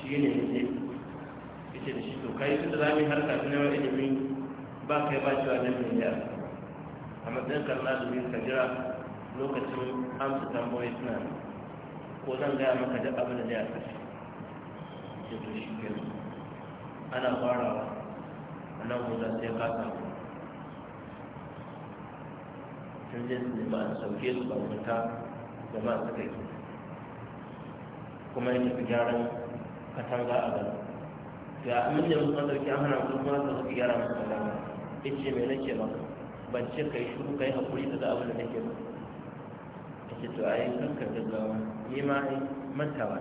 Speaker 1: shi ne ya ce ce da shi to kai tunda da za mu yi harka ta neman ilimi ba kai ba cewa nan mai yara a matsayin karna domin ka jira lokacin amsa tambayoyi suna ne, ko zan gaya maka da abin da ya kashe ce to shi ke ana farawa a nan wuza sai ka samu sun je su nema a sauke su ba wuta jama'a su kai, kuma ya tafi gyaran katanga a gaba ga abin da muka dauki an hana su kuma ka zuki gyara musu magana yace mai nake maka ban ce kai shiru yi hakuri da abin da nake maka ce to a yi kankan gaggawa ni ma a yi mantawa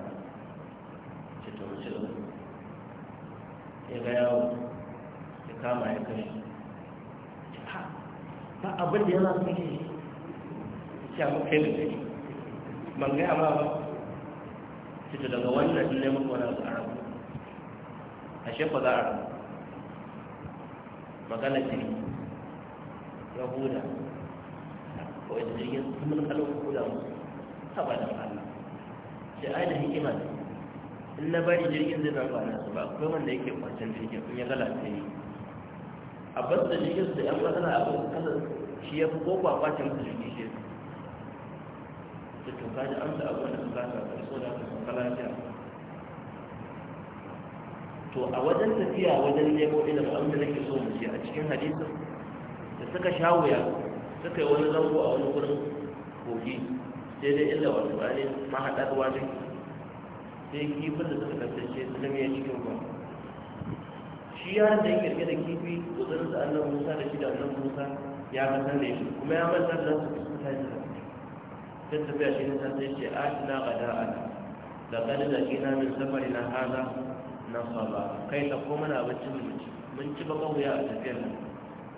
Speaker 1: ce to mu ci ya ga yawo ya kama ya kai ba abin da yana son shi ya mu kai da kai ban gaya ma ba ce to daga wannan ne muku wani abu a ashe ba za a rabu magana ya huda ko ita jirgin sun kalon kula mu ta ba da Allah sai ai da hikima ne in na bari jirgin zai zama na su ba akwai wanda yake kwancin jirgin kun ya galata yi a basu da jirgin su da yan matsala a kan kasar shi ya fi ko ba kwacin su jirgin shi da tuka da an da abubuwan da su kasa a so da su sun to a wajen tafiya wajen nemo ilim abin da nake so mu ce a cikin hadisin da suka sha wuya suka yi wani zango a wani gurin kogi sai dai illa wasu bane mahaɗar ruwa ne sai kifin da suka kasance su ya cikin ba shi ya da ya kirge da kifi kudurin da annan musa da shi da annan musa ya kasar da shi kuma ya manta da su ta yi sai tafiya shi ne sai ce a ina ga da'a da kada da ina min safari na haza nasaba kai ta ko muna bacci mun ci mun ci ba kawai a tafiyar nan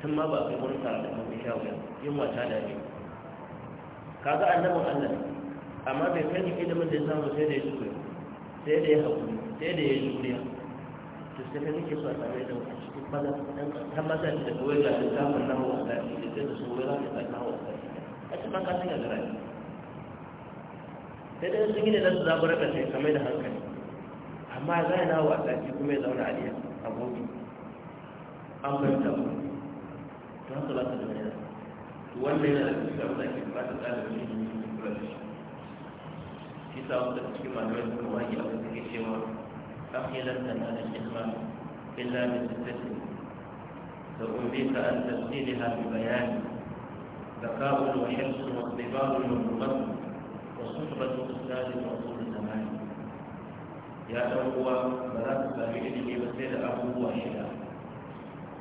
Speaker 1: tun ma ba kai wani karatu mun sha wuya yin wata da ne kaga annabin Allah amma bai kai ilimin da ya samu sai da ya sai da ya haƙuri sai da ya juriya to sai kai nake so a tare da wani cikin bala dan ta masa da kawai ga da samun nawa a da ta da su wai ta ka tsaka hawa a cikin kan kasan da gara sai da sun yi da su zaburar da sai kamar da hankali amma zai na wa tsaki kuma ya zauna a liya a gobe an fahimta ba ta haka za ka zama yana wannan yana da cikin abin da ba ta tsarin shi ne su kula da shi shi sa wanda cikin malamai suka wani abin da ke cewa akhiyar tana da ilma illa min tattasin da umbika an tafsiriha bi bayani ذكاء وحرص واطباع ومنظمة وصحبة أستاذ وصحبة ya ɗan uwa ba za ku sami ilimi ba sai da abubuwa shida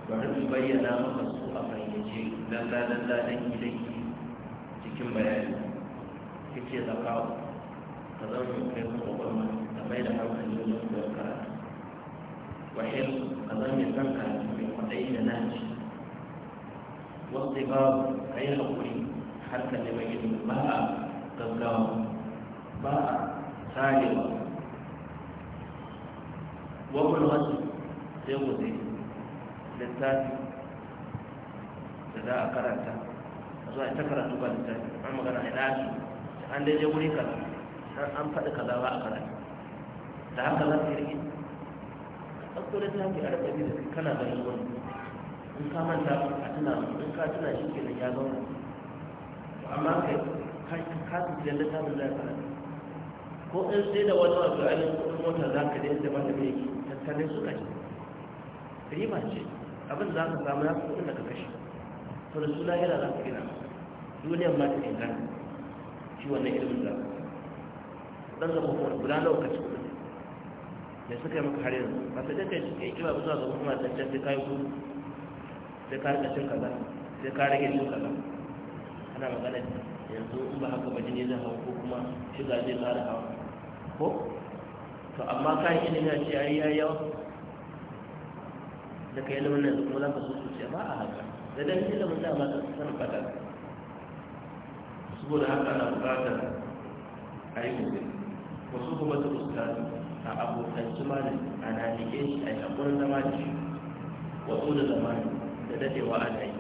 Speaker 1: bari su bayyana maka su a fayyace lalla lalla dan gidanki cikin bayani kike zakawa ka zama mai kai kuma kwalma da mai da hankali wajen koyar karatu wahil ka zama mai san karatu mai kwaɗayi da naci wasu ba ka yi haƙuri har ka neman ilimi ba a gaggawa ba a tsarewa. wabul wasu wuce da za a karanta a zuwa ita karatu ba littafi an magana a ilashi an daidai wuri kaza an faɗi kaza ba a karanta da haka za ka yi rikin ɗauko littafi a rikabi da kana ganin wani in ka manta a in ka zauna amma kai ka da ko in sai da wani wasu ainihin kudin mota za ka daidai da mata mai sannan suka ce rima ce abin da za ka samu na kusa daga kashi to da suna yana za ka gina duniyar ma ta ingana shi wannan ilimin da dan zama kuma guda nawa ka ci kudin da suka yi maka har yanzu ba ta daga shi kai kiba zuwa ga kuma ta can kayi kudu sai ka rika cin kaza sai ka rage cin kaza ana magana yanzu in ba haka ba jini zai hau ko kuma shiga zai ƙara hawa ko to amma ka yi ilimi a ce ai yayi yawa da kai ilimin nan kuma za ka so su ce ba a haka da dan ilimin da ta san fada saboda haka na buƙatar a gobe wasu kuma su fuskanta a abokanci malami a nanike shi a yakurin zama da shi wasu da zamani da dadewa a yi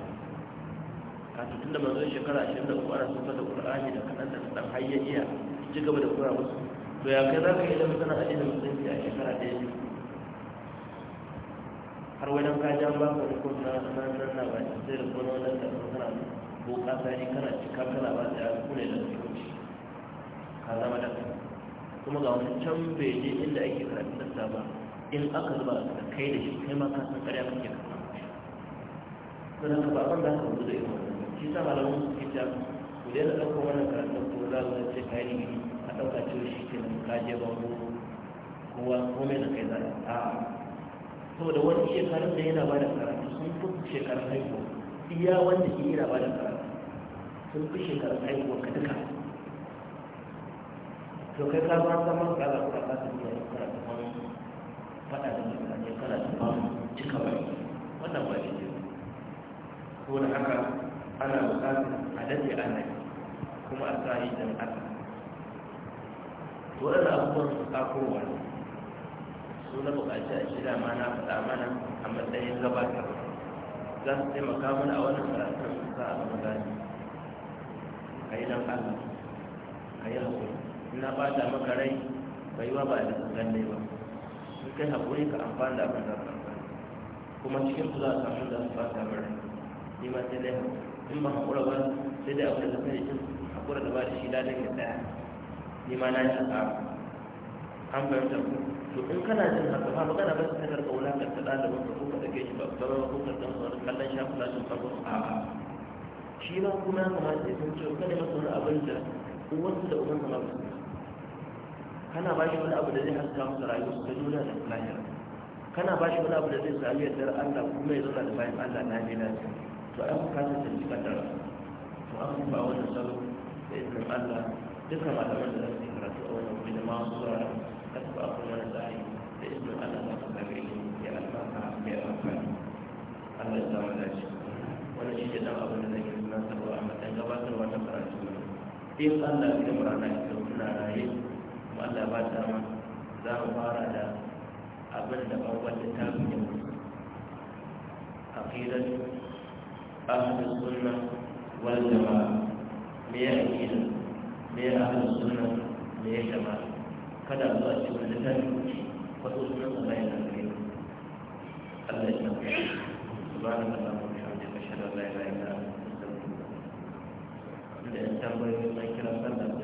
Speaker 1: a tun da manzon shekara 23 ana sufa da Al-Qur'ani da kaɗan da ta har ya ci gaba da kura musu to ya kai za ka yi zama sana'a ilimin da musulunci a shekara ɗaya biyu har wani ja ba ka rikon na nan na ba ta sai rikon wani da kuma kana boka sani kana cika kana ba ta yaro kuna da musulunci ka zama da kuma ga wani can bai je inda ake karatu da ba in aka zuba da kai da shi kai ma ka san ƙarya kake kasa kuma da ba ban da ka rubuta da wannan shi sa malamin su ke ta ku dai da ɗaukar wannan karatu ko za mu ce kayan gini Ka ɗauka cewa shi ke nan kaje ba ko kowa komai na kai zai a saboda wani shekarun da yana ba da karatu sun fi shekarun haihuwa iya wanda ke yana ba da karatu sun fi shekarun haihuwa ka duka to kai ka ba ta man kala ka ka ta biya karatu man fada da mutane karatu ba cika ba wannan ba shi ko da haka ana bukatar a dade ana kuma a sa yi dan Allah wadanda abubuwan su kakowa ne su na bukaci a shida ma na fada mana a matsayin gabatar za su taimaka mana a wannan karatun su sa a zama gani a yi nan allah a yi haƙuri ina ba da maka rai bai wa ba da gangan ne ba su kai haƙuri ka amfani da abin da ka kuma cikin su za a samu da su ba ta mara ni ma sai dai in ba haƙura ba sai dai abin da kai yi haƙura da ba da shi ladan ya tsaya ni ma na shi tsara an fahimta ku to in kana jin haka ba kana ba ta karɓa wulaƙar ta da ka ko ka take shi ba ba ba ko ka ɗan wani kallon shafi lashin farko a'a shi ma kuma kamata ya san cewa kada masa wani abin da wasu da uwansa ma ba kana ba shi wani abu da zai haska masa rayuwarsa ta duniya da lahira kana ba shi wani abu da zai sami yardar Allah kuma ya zauna da bayan Allah na ne lafiya to ai bukatar ta ji kadara to an ba wani salo da izinin Allah duka malaman da za su karatu a wannan wani masu da kasu a kuma da tsari da izinin allah za su ya albarka ya amfani allah ya zama dace wannan shi ke dan abin da zai yi tunatarwa a matsayin gabatar ta karatu in allah ya kai murana ya kai kuna raye kuma allah ba dama za mu fara da abin da ɓangon littafin ya mutu عقيدة أهل السنة والجماعة ليأكيد da ya ahlus sunna me ya jama'a kada zuwa cikin littafi wasu sunan Allah ya zafi Allah ya zafi subhanahu wa ta'ala da tambayoyin na kiran sallah